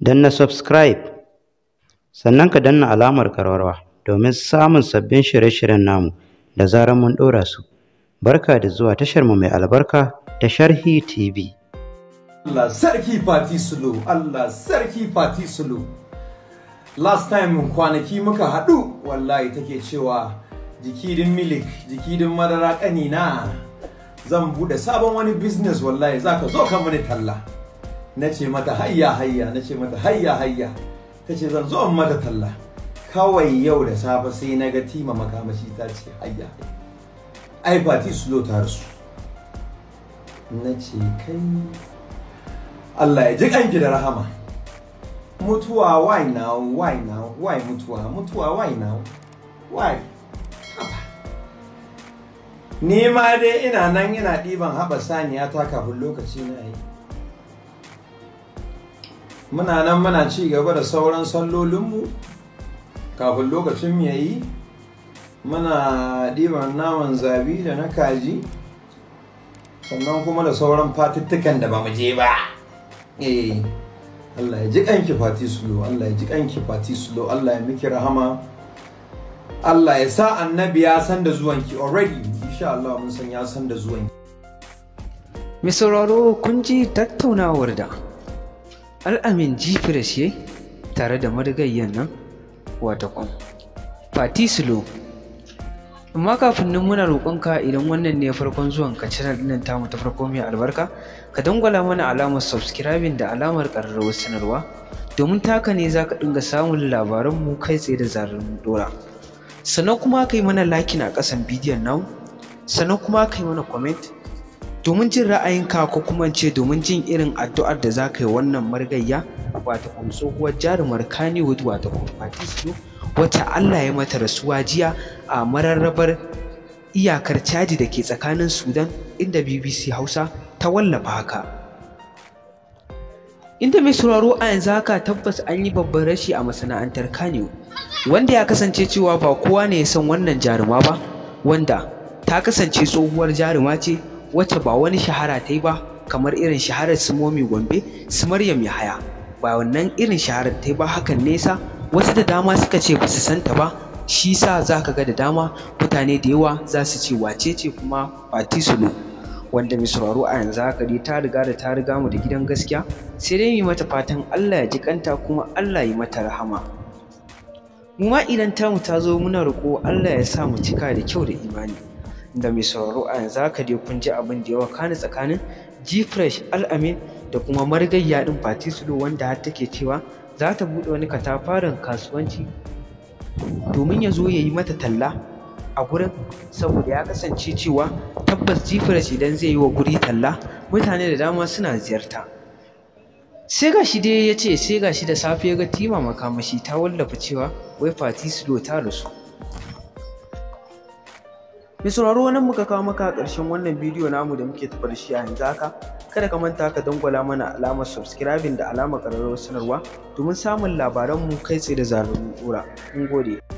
danna subscribe sannan ka danna alamar karwarwa domin samun sabbin shirye-shiryen namu da zarar mun ɗora su barka da zuwa tashar mu mai albarka ta sharhi tv Allah sarki fati sulu Allah sarki fati sulu last time kwanaki muka haɗu wallahi take cewa jikidin milik jiki jikidin madara ƙanina zan buɗe sabon wani business wallahi zaka zo ka mini talla na ce mata hayya hayya na ce mata hayya hayya ta ce zan zo mata talla kawai yau da safe sai na ga tima makamashi ta ce hayya ai fati sulo ta rasu na ce kai Allah ya ji kanki da rahama mutuwa why now why now why mutuwa mutuwa why now why ni ma dai ina nan ina ɗiban haɓa saniya ta kafin lokaci na yi muna nan muna ci gaba da sauran sallolinmu kafin lokacin mu yayi muna ɗiban naman zabi da na kaji sannan kuma da sauran fatittukan da ba mu je ba eh Allah ya ji kanki fati sulo Allah ya ji kanki fati sulo Allah ya miki rahama Allah ya sa annabi ya san da zuwanki already insha Allah mun san ya san da zuwanki mi sauraro kun ji tattaunawar da al'amin jifiras ya tare da marigayyan nan watakon fatisulo amma kafin nan muna roƙonka idan wannan ne farkon zuwan ka cire ta tamu ta farko mai albarka ka dangwala mana alamar subscribing da alamar ƙararrawar sanarwa domin taka ne za ka dinga samun labaranmu kai tsaye da zarar mu dora sannan kuma ka yi mana lakin a ƙasan bidiyon nan sannan kuma ka yi mana comment domin jin ra'ayinka ko kuma ce domin jin irin addu'ar da za ka yi wannan margayya wata kunso tsohuwar jarumar kaniwood wata kumfatisiyo wata Allah ya mata rasuwa jiya a mararrabar iyakar caji da ke tsakanin Sudan inda BBC Hausa ta wallafa haka. Inda mai sauraro a yanzu haka tabbas an yi babban rashi a masana'antar kaniwood wanda ya kasance cewa ba kowa ne ya san wannan jaruma ba wanda ta kasance tsohuwar jaruma ce wacce ba wani shahara ta yi ba kamar irin shaharar su momi gombe su maryam yahaya ba wannan irin shaharar ta yi ba hakan nesa wasu da dama suka ce ba su santa ba shi sa za ka ga da dama mutane da yawa za su ce wace ce kuma fati sulu wanda mai sauraro a yanzu haka dai ta riga da ta riga mu da gidan gaskiya sai dai mu yi mata fatan Allah ya ji kanta kuma Allah ya mata rahama mu ma idan tamu ta zo muna roƙo Allah ya sa mu cika da kyau da imani da mai sauraro a yanzu haka dai kun ji abin da yawa kana tsakanin gfresh al'amin da kuma marigayya din fati wanda har take cewa za ta buɗe wani katafaren kasuwanci domin ya zo ya yi mata talla a gurin saboda ya kasance cewa tabbas gfresh idan zai yi wa guri talla mutane da dama suna ziyarta sai ga shi dai ya ce sai ga shi da safe ya ga tima makamashi ta wallafa cewa wai fati ta rasu Mai sauraro nan muka kawo maka ƙarshen wannan bidiyo namu da muke tafa shi a yanzu haka. Kada ka manta ka dangwala mana alamar subscribing da alamar ƙararrawar sanarwa domin samun labaranmu kai tsaye da zarar mu Mun gode.